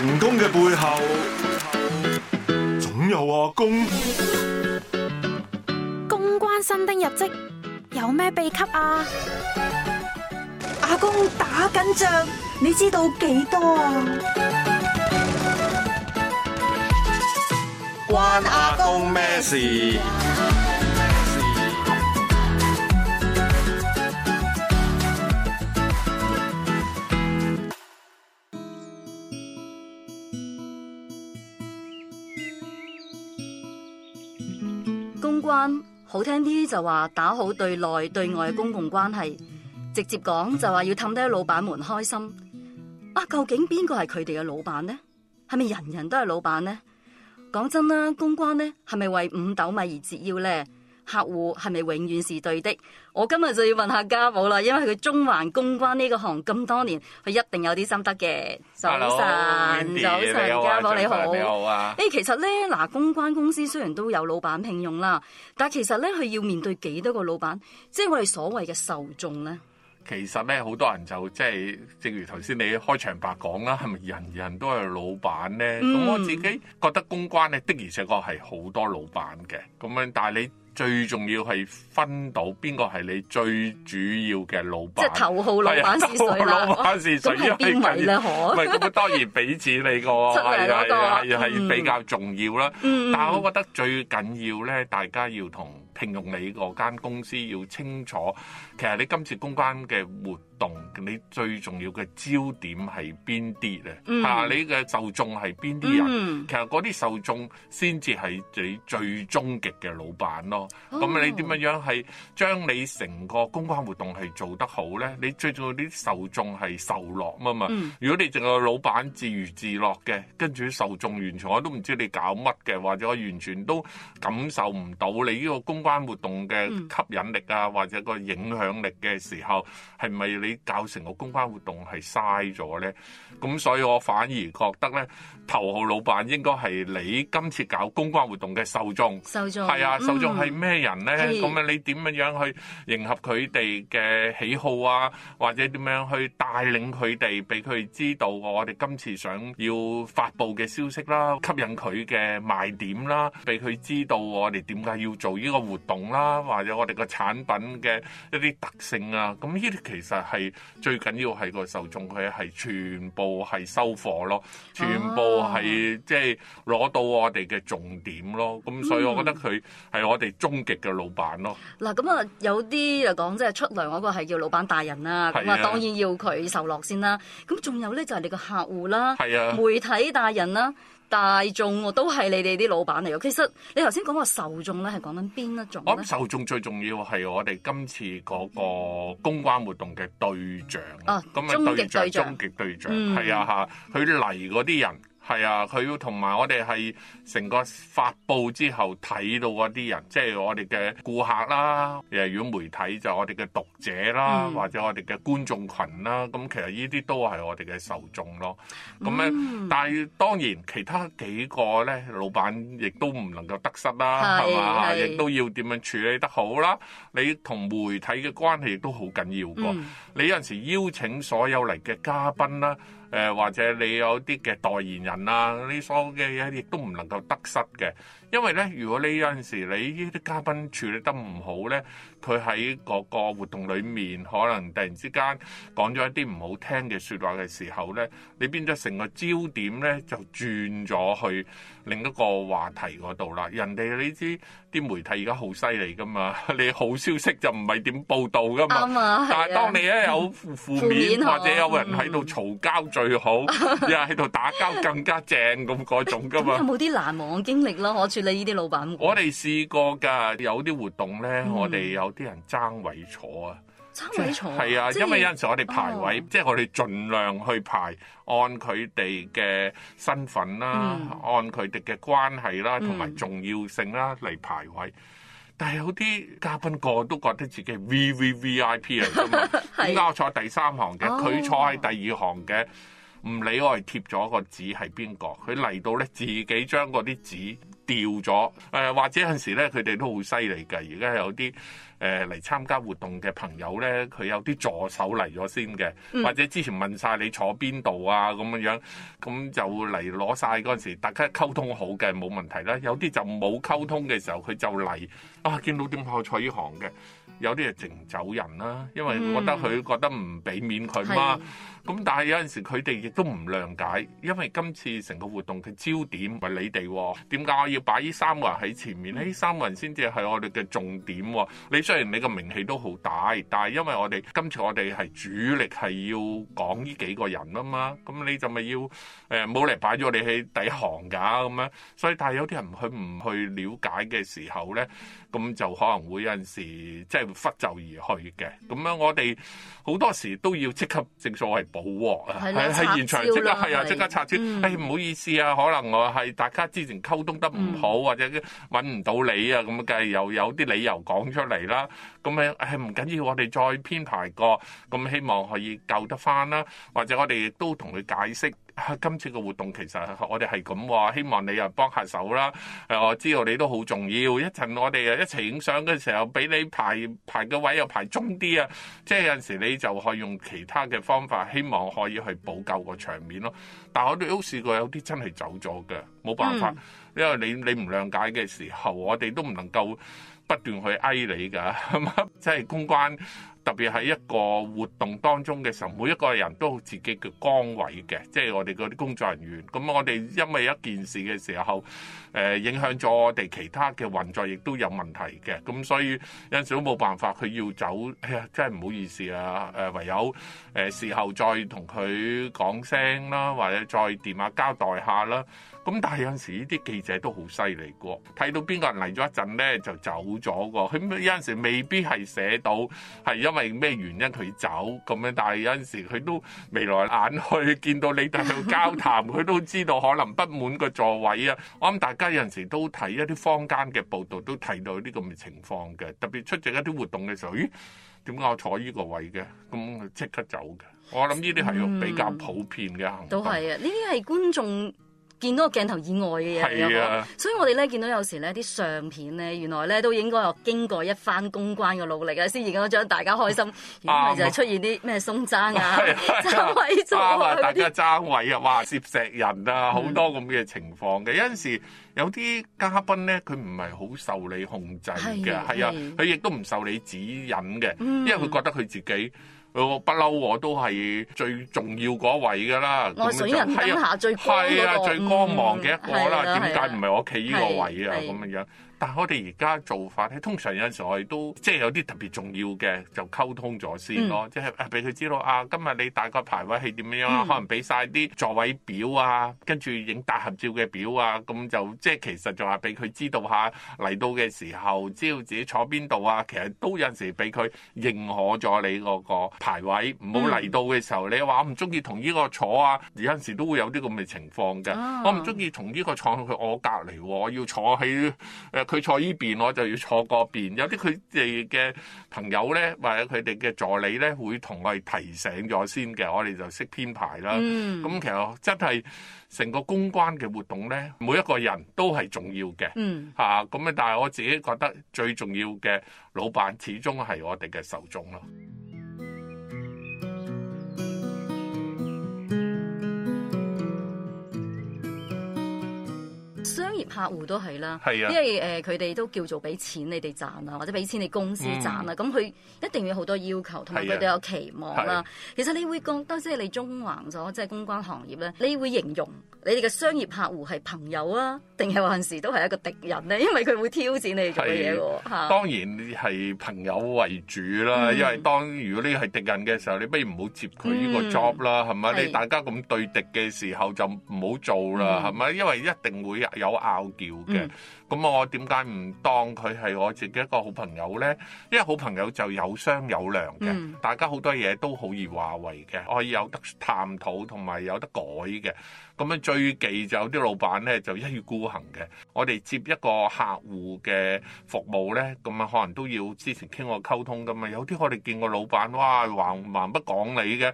成功嘅背後，總有阿公。公關新丁入職，有咩秘笈啊？阿公打緊仗，你知道幾多啊？關阿公咩事？好聽啲就話打好對內對外的公共關係，直接講就話要氹啲老闆們開心。啊，究竟邊個係佢哋嘅老闆呢？係咪人人都係老闆呢？講真啦，公關呢係咪為五斗米而折腰呢？客戶係咪永遠是對的？我今日就要問下家寶啦，因為佢中環公關呢個行業咁多年，佢一定有啲心得嘅。早晨，Hello, Mandy, 早晨上，啊、家寶寶官你好，你好誒，其實咧嗱，公關公司雖然都有老闆聘用啦，但係其實咧佢要面對幾多個老闆，即係我哋所謂嘅受眾咧。其實咧，好多人就即係，正如頭先你開場白講啦，係咪人人都係老闆咧？咁、嗯、我自己覺得公關咧的而且確係好多老闆嘅咁樣，但係你。最重要係分到邊個係你最主要嘅老闆，即係頭號老闆時是誰啦？咁係邊位咧？可咁、哦、當然俾錢你、 那個，係係係係比較重要啦。嗯、但係我覺得最緊要咧，大家要同聘用你嗰間公司要清楚，其實你今次公關嘅活動。動你最重要嘅焦點係邊啲咧？嚇，你嘅受眾係邊啲人？其實嗰啲受眾先至係你最終極嘅老闆咯。咁你點樣樣係將你成個公關活動係做得好咧？你最重要啲受眾係受落啊嘛。如果你淨係老闆自娛自樂嘅，跟住受眾完全我都唔知你搞乜嘅，或者我完全都感受唔到你呢個公關活動嘅吸引力啊，或者個影響力嘅時候，係咪你？你搞成個公關活動係嘥咗咧，咁所以我反而覺得咧，頭號老闆應該係你今次搞公關活動嘅受眾，受眾係啊，受眾係咩人咧？咁樣你點樣樣去迎合佢哋嘅喜好啊？或者點樣去帶領佢哋，俾佢知道我哋今次想要發佈嘅消息啦，吸引佢嘅賣點啦，俾佢知道我哋點解要做呢個活動啦，或者我哋個產品嘅一啲特性啊，咁呢啲其實係。係最緊要係個受眾，佢係全部係收貨咯，啊、全部係即係攞到我哋嘅重點咯。咁、嗯、所以我覺得佢係我哋終極嘅老闆咯。嗱、嗯，咁啊有啲又講即係出糧嗰個係叫老闆大人啦，咁啊當然要佢受落先啦。咁仲有咧就係你個客戶啦，啊、媒體大人啦。大眾都係你哋啲老闆嚟嘅。其實你頭先講個受眾咧，係講緊邊一種？我諗受眾最重要係我哋今次嗰個公關活動嘅對象啊，咁啊，對象，終極、啊、對象，係啊吓，佢嚟嗰啲人。係啊，佢要同埋我哋係成個發佈之後睇到嗰啲人，即係我哋嘅顧客啦。誒，如果媒體就是，我哋嘅讀者啦，嗯、或者我哋嘅觀眾群啦，咁其實呢啲都係我哋嘅受眾咯。咁咧，嗯、但係當然其他幾個咧，老闆亦都唔能夠得失啦，係嘛？亦都要點樣處理得好啦。你同媒體嘅關係亦都好緊要個。嗯、你有陣時邀請所有嚟嘅嘉賓啦，誒、嗯、或者你有啲嘅代言人，嗱，呢啲所謂嘅嘢亦都唔能夠得失嘅，因為咧，如果你有陣時你呢啲嘉賓處理得唔好咧，佢喺個個活動裡面可能突然之間講咗一啲唔好聽嘅説話嘅時候咧，你變咗成個焦點咧就轉咗去另一個話題嗰度啦，人哋你知，啲媒體而家好犀利噶嘛，你好消息就唔係點報導噶嘛，啊、但係當你一有負面、嗯、負面或者有人喺度嘈交最好，又喺度打交更加正咁嗰種噶嘛。 有冇啲難忘嘅經歷咯？我處理呢啲老闆？我哋試過㗎，有啲活動咧，我哋有啲人爭位坐啊。係啊，啊是因為有陣時我哋排位，即係、啊、我哋盡量去排，按佢哋嘅身份啦，嗯、按佢哋嘅關係啦，同埋、嗯、重要性啦嚟排位。但係有啲嘉賓個個都覺得自己係 V V V I P 嚟㗎嘛， 是點解我坐喺第三行嘅，佢、啊、坐喺第二行嘅，唔理我係貼咗個紙係邊個，佢嚟到咧自己將嗰啲紙。掉咗，呃或者有陣時咧，佢哋都好犀利嘅。而家有啲嚟、呃、參加活動嘅朋友咧，佢有啲助手嚟咗先嘅，或者之前問曬你坐邊度啊咁樣，咁就嚟攞曬嗰陣時，大家溝通好嘅冇問題啦。有啲就冇溝通嘅時候，佢就嚟啊，見到點解我做呢行嘅，有啲係淨走人啦、啊，因為覺得佢覺得唔俾面佢嘛。嗯咁但係有陣時佢哋亦都唔諒解，因為今次成個活動嘅焦點係你哋，點解我要擺呢三個人喺前面？呢三個人先至係我哋嘅重點喎。你雖然你個名氣都好大，但係因為我哋今次我哋係主力係要講呢幾個人啊嘛，咁你就咪要冇嚟擺咗你喺底行㗎咁樣。所以但係有啲人佢唔去了解嘅時候咧，咁就可能會有陣時即係拂袖而去嘅。咁樣我哋好多時都要即刻正所謂。冇喎，係係現場即刻係啊，即刻插招。嗯、哎，唔好意思啊，可能我係大家之前溝通得唔好，嗯、或者揾唔到你啊，咁梗係又有啲理由講出嚟啦。咁樣、哎、係唔緊要，我哋再編排過，咁希望可以救得翻啦。或者我哋亦都同佢解釋。啊、今次個活動其實我哋係咁話，希望你又幫下手啦。誒、我知道你都好重要，一陣我哋一齊影相嘅時候，俾你排排個位又排中啲啊！即係有陣時你就可以用其他嘅方法，希望可以去補救個場面咯、啊。但係我哋都試過有啲真係走咗嘅，冇辦法，嗯、因為你你唔諒解嘅時候，我哋都唔能夠不斷去哀你㗎，即係公關。特別係一個活動當中嘅時候，每一個人都有自己嘅崗位嘅，即係我哋啲工作人員，咁我哋因為一件事嘅時候，誒，影響咗我哋其他嘅運作，亦都有問題嘅。咁所以有陣時都冇辦法，佢要走。哎呀，真係唔好意思啊！誒，唯有誒，事後再同佢講聲啦，或者再電話交代下啦。咁但係有陣時呢啲記者都好犀利嘅，睇到邊個人嚟咗一陣咧就走咗嘅。佢有陣時未必係寫到，係因為。係咩原因佢走咁樣？但係有陣時佢都眉來眼去，見到你哋喺度交談，佢都知道可能不滿個座位啊！我諗大家有陣時都睇一啲坊間嘅報道，都睇到啲咁嘅情況嘅。特別出席一啲活動嘅時候，咦？點解我坐呢個位嘅？咁即刻走嘅。我諗呢啲係比較普遍嘅行動。都係啊！呢啲係觀眾。見到個鏡頭以外嘅嘢係啊，所以我哋咧見到有時咧啲相片咧，原來咧都應該有經過一番公關嘅努力啊，先而家將大家開心，唔係就出現啲咩鬆渣啊、爭、啊啊、位咗啊！啊、那大家爭位啊，哇！攝石人啊，好多咁嘅情況嘅。有陣時有啲嘉賓咧，佢唔係好受你控制嘅，係啊，佢亦都唔受你指引嘅，因為佢覺得佢自己。不嬲，我都係最重要嗰位噶啦。我省人天下最光芒嘅一個啦，點解唔係我企呢個位啊？咁、啊啊啊、樣。但係我哋而家做法咧，通常有陣時我哋都即係、就是、有啲特別重要嘅，就溝通咗先咯。即係俾佢知道啊，今日你大個排位係點樣啊？嗯、可能俾晒啲座位表啊，跟住影大合照嘅表啊，咁就即係、就是、其實仲係俾佢知道下嚟、啊、到嘅時候，知道自己坐邊度啊。其實都有陣時俾佢認可咗你嗰個排位。唔好嚟到嘅時候，嗯、你話我唔中意同呢個坐啊，有陣時都會有啲咁嘅情況嘅。啊、我唔中意同呢個坐去我隔離喎，我要坐喺佢坐呢邊，我就要坐嗰邊。有啲佢哋嘅朋友呢，或者佢哋嘅助理呢，會同我哋提醒咗先嘅，我哋就識編排啦。咁、嗯、其實真係成個公關嘅活動呢，每一個人都係重要嘅嚇。咁樣、嗯啊，但係我自己覺得最重要嘅老闆，始終係我哋嘅受眾咯。客戶都係啦，啊、因為誒佢哋都叫做俾錢你哋賺啊，或者俾錢你公司賺啦，咁佢、嗯、一定要好多要求，同埋佢哋有期望啦。啊、其實你會覺得即係你中橫咗即係公關行業咧，你會形容你哋嘅商業客戶係朋友啊，定係還是都係一個敵人咧？因為佢會挑戰你哋做嘅嘢喎嚇。當然你係朋友為主啦，嗯、因為當如果你係敵人嘅時候，你不如唔好接佢呢個 job 啦，係咪？你大家咁對敵嘅時候就唔好做啦，係咪、嗯？因為一定會有硬。叫嘅，咁、嗯、我點解唔當佢係我自己一個好朋友呢？因為好朋友就有商有量嘅，嗯、大家好多嘢都好易話為嘅，可以有得探討，同埋有，有得改嘅。咁樣最忌就啲老闆呢，就一意孤行嘅。我哋接一個客戶嘅服務呢，咁啊可能都要之前傾過溝通嘛，咁啊有啲我哋見過老闆，哇，橫蠻不講理嘅。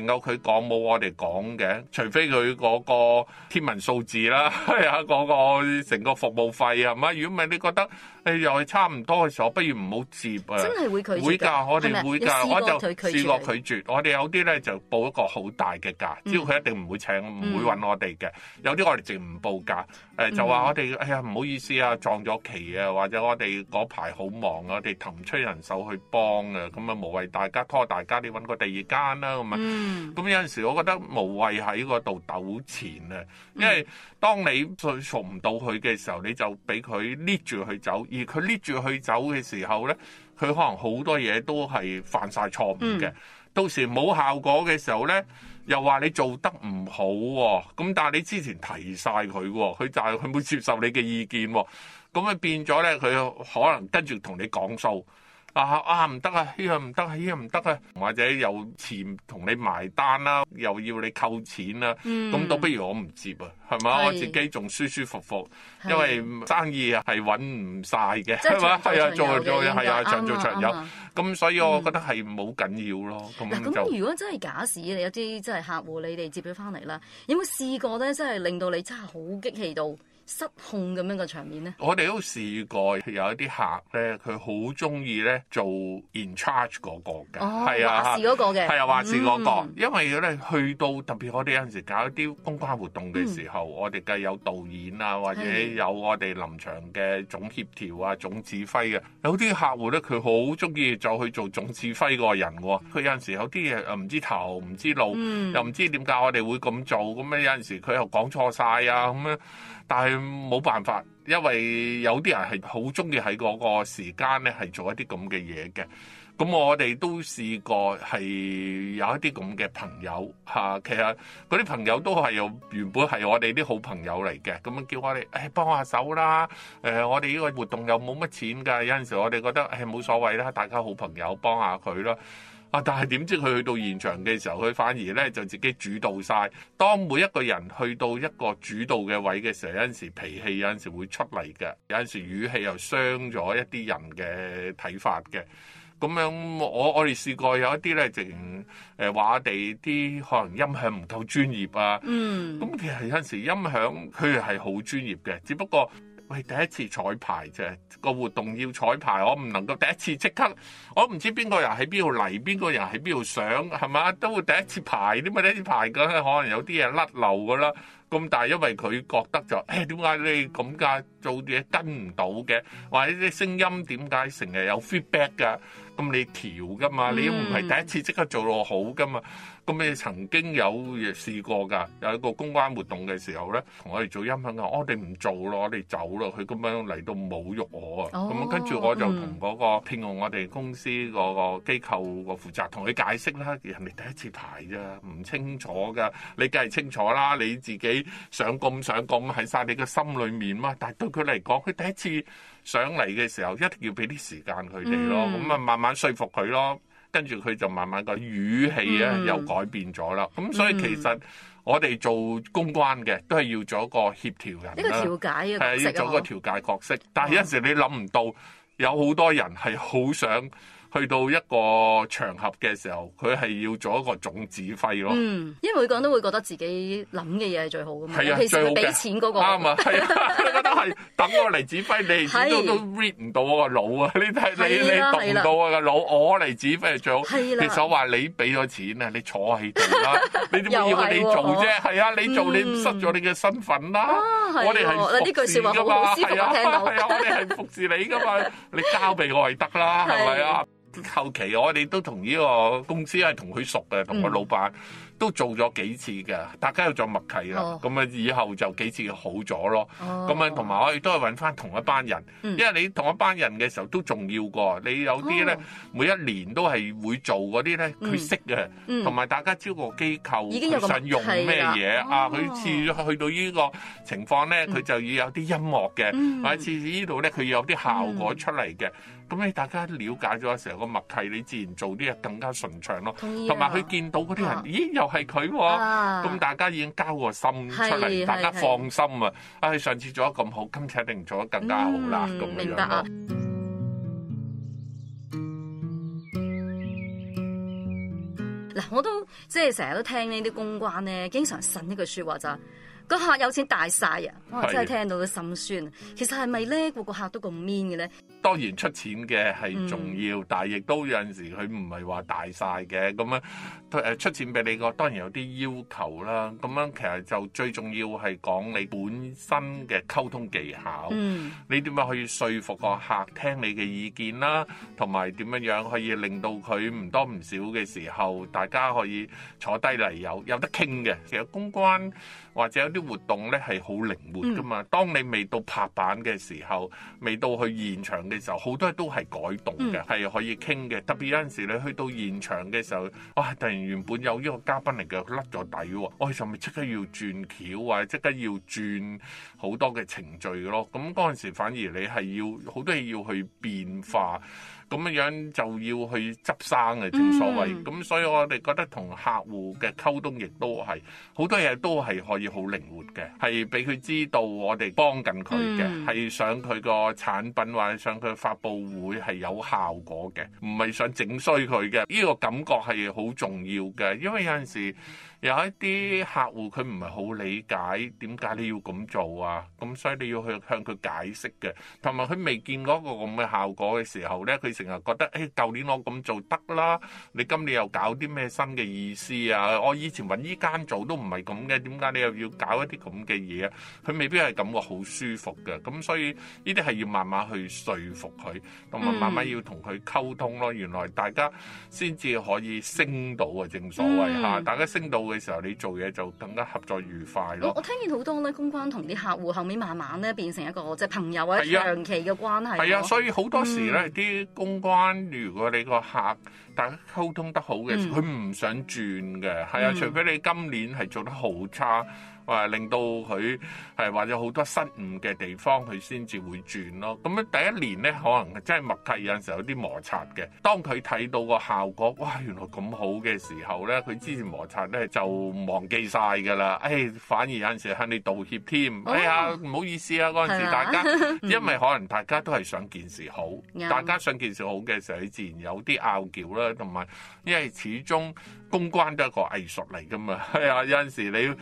淨有佢講冇我哋講嘅，除非佢嗰個天文數字啦，啊嗰個成個服務費係咪？如果唔係，你覺得你又係差唔多嘅時候，不如唔好接啊！真係會拒絕？會噶，我哋會噶，我就試過拒絕。我哋有啲咧就報一個好大嘅價，只要佢一定唔會請，唔會搵我哋嘅。有啲我哋淨唔報價，誒就話我哋哎呀唔好意思啊，撞咗期啊，或者我哋嗰排好忙啊，我哋騰出人手去幫啊，咁啊無謂大家拖大家，你搵個第二間啦咁啊。咁、嗯、有陣時，我覺得無謂喺嗰度糾纏啊，因為當你再熟唔到佢嘅時候，你就俾佢捏住佢走，而佢捏住佢走嘅時候咧，佢可能好多嘢都係犯晒錯誤嘅。到時冇效果嘅時候咧，又話你做得唔好喎，咁但係你之前提晒佢喎，佢就係佢冇接受你嘅意見，咁咪變咗咧，佢可能跟住同你講數。啊，唔得啊，呢個唔得啊，呢個唔得啊，或者有錢同你埋單啦，又要你扣錢啦，咁倒不如我唔接啊，係咪？我自己仲舒舒服服，因為生意啊係揾唔晒嘅，係嘛？係啊，做做係啊，長做長有，咁所以我覺得係冇緊要咯。咁就嗱，咁如果真係假使你有啲真係客戶你哋接咗翻嚟啦，有冇試過咧？真係令到你真係好激氣到？失控咁樣嘅場面咧，我哋都試過有一啲客咧，佢好中意咧做 in charge 嗰個嘅，哦，係是啊，吓，話事嗰個嘅，係啊話事嗰個，啊。個嗯、因為咧去到特別我哋有陣時搞一啲公關活動嘅時候，嗯、我哋計有導演啊，或者有我哋臨場嘅總協調啊、總指揮嘅、啊，有啲客戶咧，佢好中意就去做總指揮嗰個人喎、啊。佢有陣時有啲嘢唔知頭唔知路，嗯、又唔知點解我哋會咁做，咁、啊、樣有陣時佢又講錯晒啊咁樣。但係冇辦法，因為有啲人係好中意喺嗰個時間咧，係做一啲咁嘅嘢嘅。咁我哋都試過係有一啲咁嘅朋友嚇，其實嗰啲朋友都係有原本係我哋啲好朋友嚟嘅。咁樣叫我哋誒幫下手啦。誒，我哋呢個活動又冇乜錢㗎。有陣時我哋覺得係冇所謂啦，大家好朋友幫下佢咯。但係點知佢去到現場嘅時候，佢反而咧就自己主導晒。當每一個人去到一個主導嘅位嘅時候，有陣時脾氣有陣時會出嚟嘅，有陣時語氣又傷咗一啲人嘅睇法嘅。咁樣我我哋試過有一啲咧，直情誒話我哋啲可能音響唔夠專業啊。嗯，咁其實有陣時音響佢係好專業嘅，只不過。喂，第一次彩排啫，個活動要彩排，我唔能夠第一次即刻，我唔知邊個人喺邊度嚟，邊個人喺邊度上，係嘛？都會第一次排啲咪，第一次排嘅，可能有啲嘢甩漏㗎啦。咁但係因為佢覺得就誒點解你咁解做啲嘢跟唔到嘅，或者啲聲音點解成日有 feedback 㗎？咁你調㗎嘛？你唔係第一次即刻做到好㗎嘛？咁你曾經有嘢試過㗎？有一個公關活動嘅時候咧，同我哋做音響呀，我哋唔做咯，我哋走咯。佢咁樣嚟到侮辱我啊！咁跟住我就同嗰個聘用我哋公司嗰個機構個負責同佢解釋啦。人哋第一次排咋，唔清楚㗎。你梗係清楚啦，你自己。想咁想咁喺晒你嘅心裏面嘛，但係對佢嚟講，佢第一次上嚟嘅時候，一定要俾啲時間佢哋咯，咁啊、嗯、慢慢說服佢咯，跟住佢就慢慢個語氣咧又改變咗啦，咁、嗯、所以其實我哋做公關嘅都係要做一個協調人，呢個調解係要做一個調解角色，啊、但係有陣時你諗唔到有好多人係好想。去到一個場合嘅時候，佢係要做一個總指揮咯。嗯，因為每個人都會覺得自己諗嘅嘢係最好噶嘛，尤其是俾錢嗰個啱啊，係啊，覺得係等我嚟指揮你，始終都 read 唔到我個腦啊！你睇你你讀唔到我個腦，我嚟指揮係最好。係啦，其實我話你俾咗錢啊，你坐喺度啦，你點會要你做啫？係啊，你做你唔失咗你嘅身份啦。我哋係服侍你㗎嘛，係啊，我哋係服侍你㗎嘛，你交俾我係得啦，係咪啊？後期我哋都同呢個公司係同佢熟嘅，同個老闆都做咗幾次嘅，大家有咗默契啦。咁啊，以後就幾次好咗咯。咁啊，同埋我哋都係搵翻同一班人，因為你同一班人嘅時候都重要過。你有啲咧，每一年都係會做嗰啲咧，佢識嘅。同埋大家招個機構，佢想用咩嘢啊？佢次去到呢個情況咧，佢就要有啲音樂嘅，或者呢度咧，佢要有啲效果出嚟嘅。咁你大家了解咗成個默契，你自然做啲嘢更加順暢咯。同埋佢見到嗰啲人，啊、咦，又係佢喎。咁、啊、大家已經交個心出嚟，大家放心啊！唉的、哎，上次做得咁好，今次一定做得更加好啦。咁、嗯、樣明白啊，嗱，我都即係成日都聽呢啲公關咧，經常信呢句説話就是。個客有錢大晒啊！我的真係聽到嘅心酸。其實係咪咧個個客都咁 mean 嘅咧？當然出錢嘅係重要，嗯、但係亦都有陣時佢唔係話大晒嘅咁樣。誒出錢俾你個當然有啲要求啦。咁樣其實就最重要係講你本身嘅溝通技巧。嗯、你點樣去說服個客聽你嘅意見啦？同埋點樣樣可以令到佢唔多唔少嘅時候，大家可以坐低嚟有有得傾嘅。其實公關或者。啲活動咧係好靈活噶嘛，當你未到拍板嘅時候，未到去現場嘅時候，好多嘢都係改動嘅，係可以傾嘅。特別有陣時你去到現場嘅時候，哇！突然原本有呢個嘉賓嚟嘅，甩咗底喎，我係咪即刻要轉橋啊？即刻要轉好多嘅程序咯。咁嗰陣時反而你係要好多嘢要去變化。咁樣樣就要去執生嘅，正所謂。咁、mm. 所以我哋覺得同客戶嘅溝通亦都係好多嘢都係可以好靈活嘅，係俾佢知道我哋幫緊佢嘅，係想佢個產品或者想佢個發佈會係有效果嘅，唔係想整衰佢嘅。呢個感覺係好重要嘅，因為有陣時。有一啲客戶佢唔係好理解點解你要咁做啊？咁所以你要去向佢解釋嘅，同埋佢未見過個咁嘅效果嘅時候咧，佢成日覺得誒舊年我咁做得啦，你今年又搞啲咩新嘅意思啊？我以前搵依間做都唔係咁嘅，點解你又要搞一啲咁嘅嘢啊？佢未必係感覺好舒服嘅，咁所以呢啲係要慢慢去説服佢，同埋慢慢要同佢溝通咯。原來大家先至可以升到啊，正所謂吓，大家升到。嘅時候，你做嘢就更加合作愉快咯。我聽見好多咧，公關同啲客戶後面慢慢咧變成一個即係、就是、朋友或者長期嘅關係。係啊，啊，所以好多時咧啲、嗯、公關，如果你個客大家溝通得好嘅，佢唔想轉嘅。係啊，除非你今年係做得好差。令到佢或者好多失誤嘅地方，佢先至會轉咯。咁樣第一年咧，可能真係默契，有陣時候有啲摩擦嘅。當佢睇到個效果，哇，原來咁好嘅時候咧，佢之前摩擦咧就忘記晒㗎啦。誒、哎，反而有陣時向你道歉添。哎呀，唔、oh, 好意思啊，嗰陣時大家，是嗎 因為可能大家都係想件事好，mm. 大家想件事好嘅時候，你自然有啲拗撬啦，同埋因為始終公關都係個藝術嚟㗎嘛。係、哎、啊，有陣時你。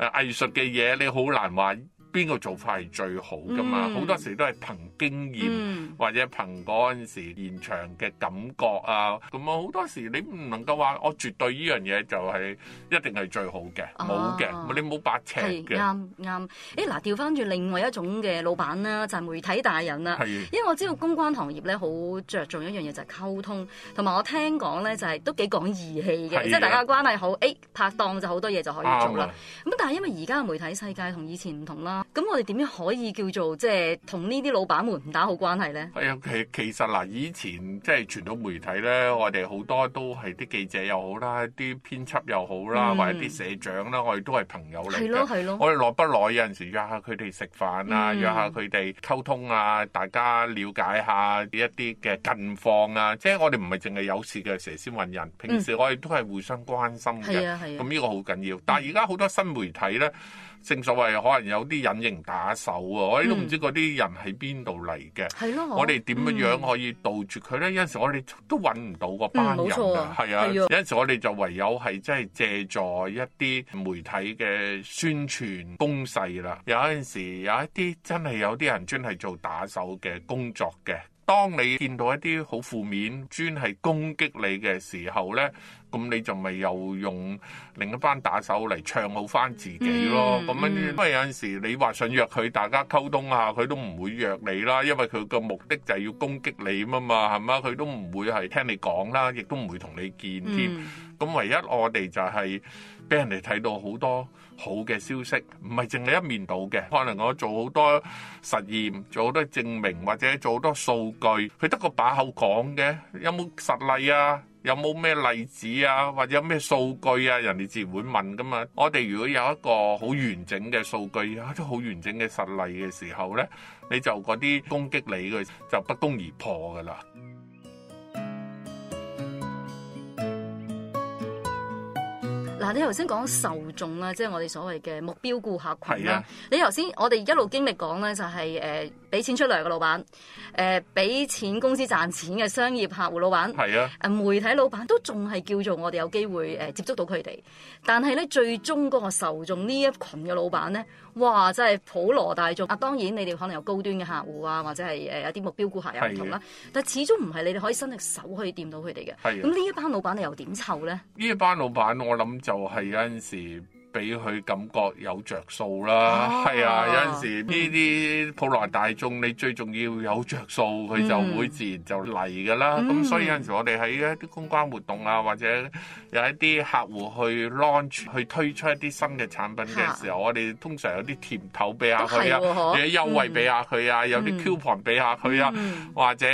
誒、藝術嘅嘢，你好難揾邊個做法係最好㗎嘛？好、嗯、多時都係憑經驗，嗯、或者憑嗰陣時現場嘅感覺啊。咁啊，好多時你唔能夠話我絕對呢樣嘢就係、是、一定係最好嘅，冇嘅，你冇白尺嘅。啱啱，誒嗱，調翻轉另外一種嘅老闆啦、啊，就係、是、媒體大人啦、啊。是因為我知道公關行業咧，好着重一樣嘢就係溝通，同埋我聽講咧就係都幾講義氣嘅，即係的大家關係好，誒、哎、拍檔就好多嘢就可以做啦。咁了但係因為而家嘅媒體世界同以前唔同啦。咁我哋點樣可以叫做即係同呢啲老闆們打好關係咧？係啊，其其實嗱，以前即係傳統媒體咧，我哋好多都係啲記者又好啦，啲編輯又好啦，或者啲社長啦，我哋都係朋友嚟係咯，係咯。我哋耐不耐有陣時約下佢哋食飯啊，約下佢哋溝通啊，大家了解下一啲嘅近況啊。即係我哋唔係淨係有事嘅時先揾人，平時我哋都係互相關心嘅。係啊。咁呢個好緊要，但係而家好多新媒體咧。正所謂可能有啲隱形打手啊，我哋都唔知嗰啲人喺邊度嚟嘅。係咯、嗯，我哋點樣樣可以杜絕佢咧？嗯、有陣時我哋都搵唔到個班人。冇錯，係啊。的的有陣時我哋就唯有係即係借助一啲媒體嘅宣傳攻勢啦。有陣時有一啲真係有啲人專係做打手嘅工作嘅。當你見到一啲好負面專係攻擊你嘅時候咧，咁你就咪又用另一班打手嚟唱好翻自己咯。咁樣、嗯，因為有時你話想約佢大家溝通下，佢都唔會約你啦，因為佢個目的就係要攻擊你啊嘛，係嘛？佢都唔會係聽你講啦，亦都唔會同你見添。咁、嗯、唯一我哋就係俾人哋睇到好多。好嘅消息唔係淨係一面倒嘅，可能我做好多實驗，做好多證明或者做好多數據，佢得個把口講嘅，有冇實例啊？有冇咩例子啊？或者有咩數據啊？人哋自然會問噶嘛。我哋如果有一個好完整嘅數據啊，都好完整嘅實例嘅時候呢，你就嗰啲攻擊你嘅就不攻而破噶啦。嗱，你頭先講受眾啦，嗯、即係我哋所謂嘅目標顧客群啦。的你頭先我哋一路經歷講咧、就係，就係誒。俾錢出糧嘅老闆，誒俾錢公司賺錢嘅商業客戶老闆，係啊的，誒媒體老闆都仲係叫做我哋有機會誒接觸到佢哋，但係咧最終嗰個受眾呢一群嘅老闆咧，哇真係普羅大眾啊！當然你哋可能有高端嘅客戶啊，或者係誒有啲目標顧客入頭啦，是的但始終唔係你哋可以伸隻手可以掂到佢哋嘅。係的，咁呢一班老闆你又點湊咧？呢一班老闆我諗就係有陣時。俾佢感覺有着數啦，係啊，啊！有陣時呢啲普羅大眾你最重要有着數，佢就會自然就嚟噶啦。咁、嗯、所以有陣時我哋喺一啲公關活動啊，或者有一啲客戶去 launch 去推出一啲新嘅產品嘅時候，啊、我哋通常有啲甜頭俾下佢啊，有優惠俾下佢啊，嗯、有啲 coupon 俾下佢啊，嗯、或者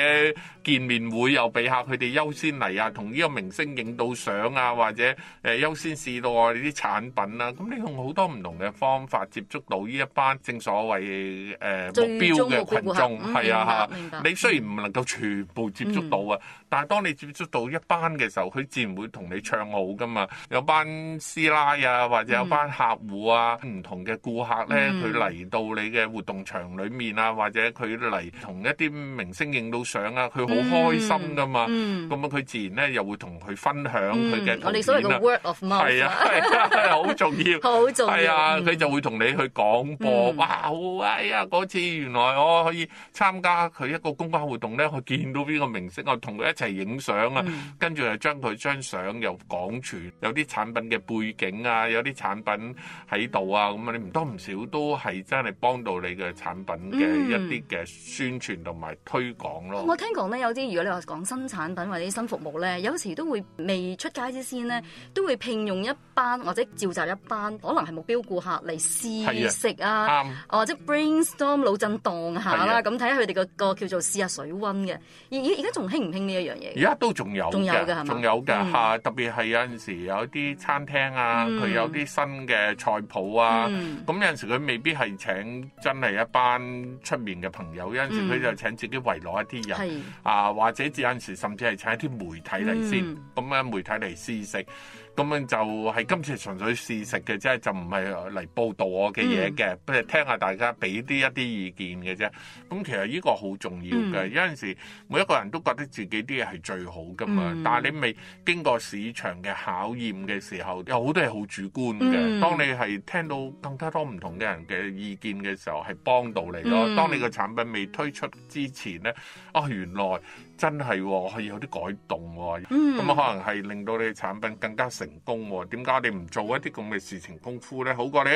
見面會又俾下佢哋優先嚟啊，同呢個明星影到相啊，或者誒優先試到我哋啲產品啊。咁你用好多唔同嘅方法接觸到呢一班正所謂誒目標嘅羣眾，係啊嚇！你雖然唔能夠全部接觸到啊，但係當你接觸到一班嘅時候，佢自然會同你唱好噶嘛。有班師奶啊，或者有班客戶啊，唔同嘅顧客咧，佢嚟到你嘅活動場裡面啊，或者佢嚟同一啲明星影到相啊，佢好開心噶嘛。咁啊，佢自然咧又會同佢分享佢嘅我哋所謂嘅 word of mouth。係啊，好重要。好重要，係啊！佢、嗯、就會同你去廣播、嗯、哇！好哎呀！嗰次原來我可以參加佢一個公關活動咧，我見到邊個明星，我同佢一齊影相啊！嗯、跟把把又住又將佢張相又廣傳，有啲產品嘅背景啊，有啲產品喺度啊，咁啊，你唔多唔少都係真係幫到你嘅產品嘅一啲嘅宣傳同埋推廣咯。嗯、我聽講咧，有啲如果你話講新產品或者新服務咧，有時都會未出街之先咧，都會聘用一班或者召集一班班可能係目標顧客嚟試食啊，或者 brainstorm 腦震盪下啦，咁睇下佢哋個個叫做試下水溫嘅。而而而家仲興唔興呢一樣嘢？而家都仲有，仲有嘅係嘛？仲有嘅吓，特別係有陣時有啲餐廳啊，佢有啲新嘅菜譜啊，咁有陣時佢未必係請真係一班出面嘅朋友，有陣時佢就請自己圍攞一啲人，啊或者有陣時甚至係請一啲媒體嚟先，咁樣媒體嚟試食。咁樣就係今次純粹試食嘅啫，就唔係嚟報道我嘅嘢嘅，不如、嗯、聽下大家俾啲一啲意見嘅啫。咁其實呢個好重要嘅，嗯、有陣時每一個人都覺得自己啲嘢係最好噶嘛，嗯、但你未經過市場嘅考驗嘅時候，有好多係好主觀嘅。嗯、當你係聽到更加多唔同嘅人嘅意見嘅時候，係幫到你咯。嗯、當你個產品未推出之前咧，啊、哦、原來真係可以有啲改動喎，咁啊、嗯、可能係令到你產品更加成功喎？點解你唔做一啲咁嘅事情功夫咧？好過你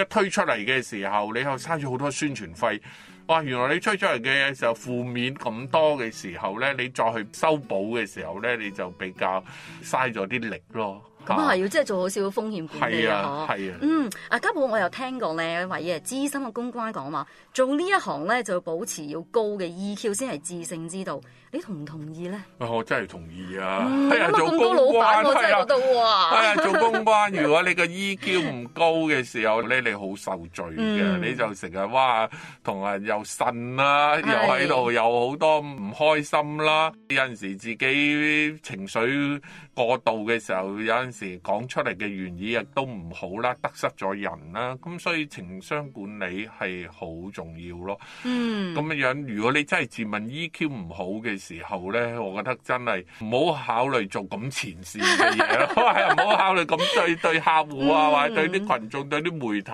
一推出嚟嘅時候，你又嘥咗好多宣傳費。哇！原來你推出嚟嘅時候負面咁多嘅時候咧，你再去修補嘅時候咧，你就比較嘥咗啲力咯。咁啊、嗯，係要真係做好少少風險管理啊！嗬、嗯，啊、嗯，嗯啊，家寶，我又聽過咧，一位資深嘅公關講話，做呢一行咧，就要保持要高嘅 EQ 先係致勝之道。你同唔同意咧？我真係同意啊！係啊，做公關我真係覺得哇！做公關如果你個 EQ 唔高嘅時候咧，你好受罪嘅。嗯、你就成日哇同人又呻啦，又喺度的，有好多唔開心啦。有陣時自己情緒過度嘅時候，有陣時講出嚟嘅原意亦都唔好啦，得失咗人啦。咁所以情商管理係好重要咯。嗯，咁樣樣，如果你真係自問 EQ 唔好嘅，時候咧，我覺得真係唔好考慮做咁前線嘅嘢咯，唔好考慮咁對對客戶啊、嗯，或者對啲群眾、對啲媒體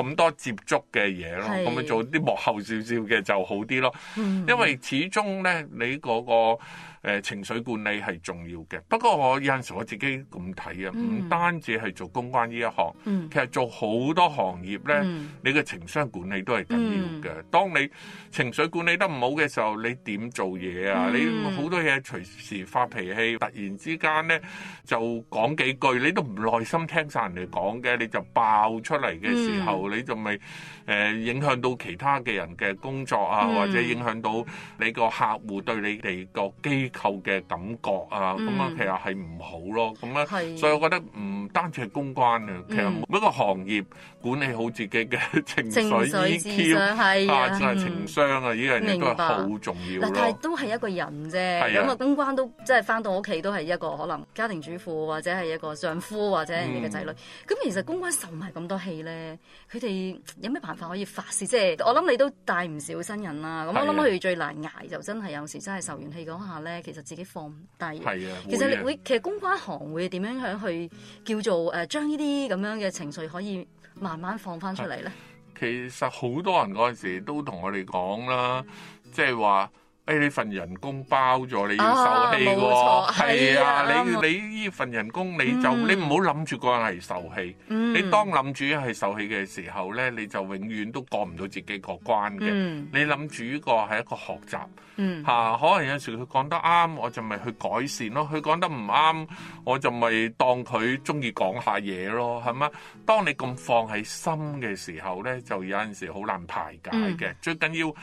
咁多接觸嘅嘢咯，咁咪做啲幕後少少嘅就好啲咯。因為始終咧，你嗰個。誒情緒管理係重要嘅，不過我有陣時我自己咁睇啊，唔單止係做公關呢一行，其實做好多行業咧，你嘅情商管理都係緊要嘅。當你情緒管理得唔好嘅時候，你點做嘢啊？你好多嘢隨時發脾氣，突然之間咧就講幾句，你都唔耐心聽晒人哋講嘅，你就爆出嚟嘅時候，你就咪誒影響到其他嘅人嘅工作啊，或者影響到你個客戶對你哋個機啊購嘅感覺啊，咁樣，其實係唔好咯。咁咧，所以我覺得唔單止係公關啊。嗯、其實每一個行業管理好自己嘅情緒、智商，下情商啊，呢樣嘢，都係好重要，但係都係一個人啫。咁啊，公關都即係翻到屋企都係一個可能家庭主婦或者係一個丈夫或者你嘅仔女。咁、嗯、其實公關受唔係咁多氣咧，佢哋有咩辦法可以發洩？即、就、係、是、我諗你都帶唔少新人啦。咁我諗佢最難捱就真係有時真係受完氣嗰下咧。其實自己放低，啊、其實會，會、啊、其實公關行會點樣樣去叫做誒、呃，將呢啲咁樣嘅情緒可以慢慢放翻出嚟咧。其實好多人嗰陣時都同我哋講啦，即係話。誒呢、哎、份人工包咗，你要受氣喎、哦，係啊！你你呢份人工你就、嗯、你唔好諗住個人係受氣。嗯、你當諗住係受氣嘅時候咧，你就永遠都過唔到自己個關嘅、嗯、個關嘅。你諗住呢個係一個學習吓、嗯啊、可能有時佢講得啱，我就咪去改善咯；佢講得唔啱，我就咪當佢中意講下嘢咯，係咪？當你咁放喺心嘅時候咧，就有陣時好難排解嘅。嗯、最緊要。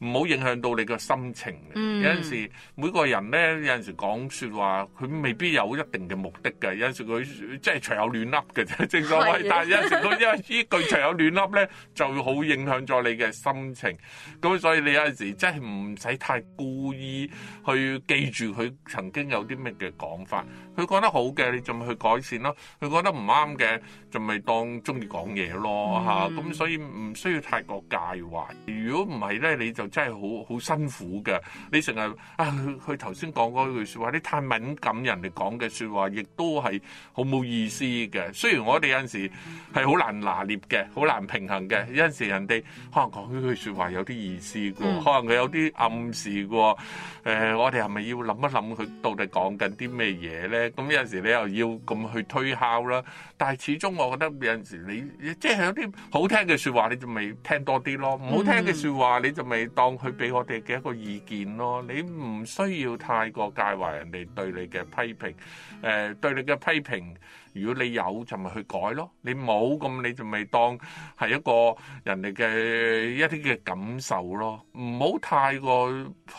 唔好影響到你個心情。有陣時，每個人咧有陣時講説話，佢未必有一定嘅目的嘅。有陣時佢即係隨口亂笠嘅啫，正所謂。但係有陣時佢因為呢句隨口亂笠咧，就會好影響咗你嘅心情。咁所以你有陣時真係唔使太故意去記住佢曾經有啲咩嘅講法。佢講得好嘅，你就去改善咯；佢講得唔啱嘅，就咪當中意講嘢咯吓。咁所以唔需要太過介懷。如果唔係咧，你就真係好好辛苦嘅。你成日啊，佢頭先講嗰句説話，你太敏感人哋講嘅說話，亦都係好冇意思嘅。雖然我哋有陣時係好難拿捏嘅，好難平衡嘅。有陣時人哋可能講呢句說話有啲意思喎，mm. 可能佢有啲暗示喎、呃。我哋係咪要諗一諗佢到底講緊啲咩嘢咧？咁有陣時你又要咁去推敲啦，但係始終我覺得有陣時你即係、就是、有啲好聽嘅說話你就咪聽多啲咯，唔好聽嘅說話你就咪當佢俾我哋嘅一個意見咯，你唔需要太過介懷人哋對你嘅批評，對你嘅批評。呃如果你有就咪去改咯，你冇咁你就咪當係一個人哋嘅一啲嘅感受咯，唔好太過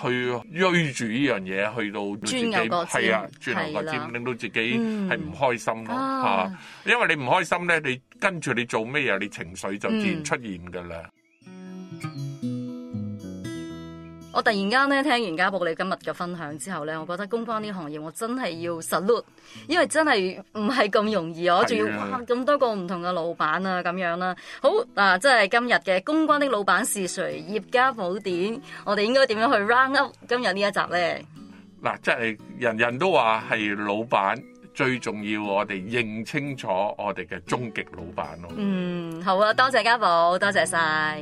去追住呢樣嘢去到自己，係啊，轉頭個尖，令到自己係唔開心咯嚇。因為你唔開心咧，你跟住你做咩嘢，你情緒就自然出現㗎啦。我突然間咧聽完家寶你今日嘅分享之後咧，我覺得公關呢行業我真係要實錄，因為真係唔係咁容易。我仲要翻咁多個唔同嘅老闆啊，咁樣啦、啊。好嗱、啊，即係今日嘅公關的老闆是誰？葉家寶點，我哋應該點樣去 round up 今日呢一集咧？嗱、啊，即係人人都話係老闆最重要，我哋認清楚我哋嘅終極老闆咯。嗯，好啊，多謝家寶，多謝晒。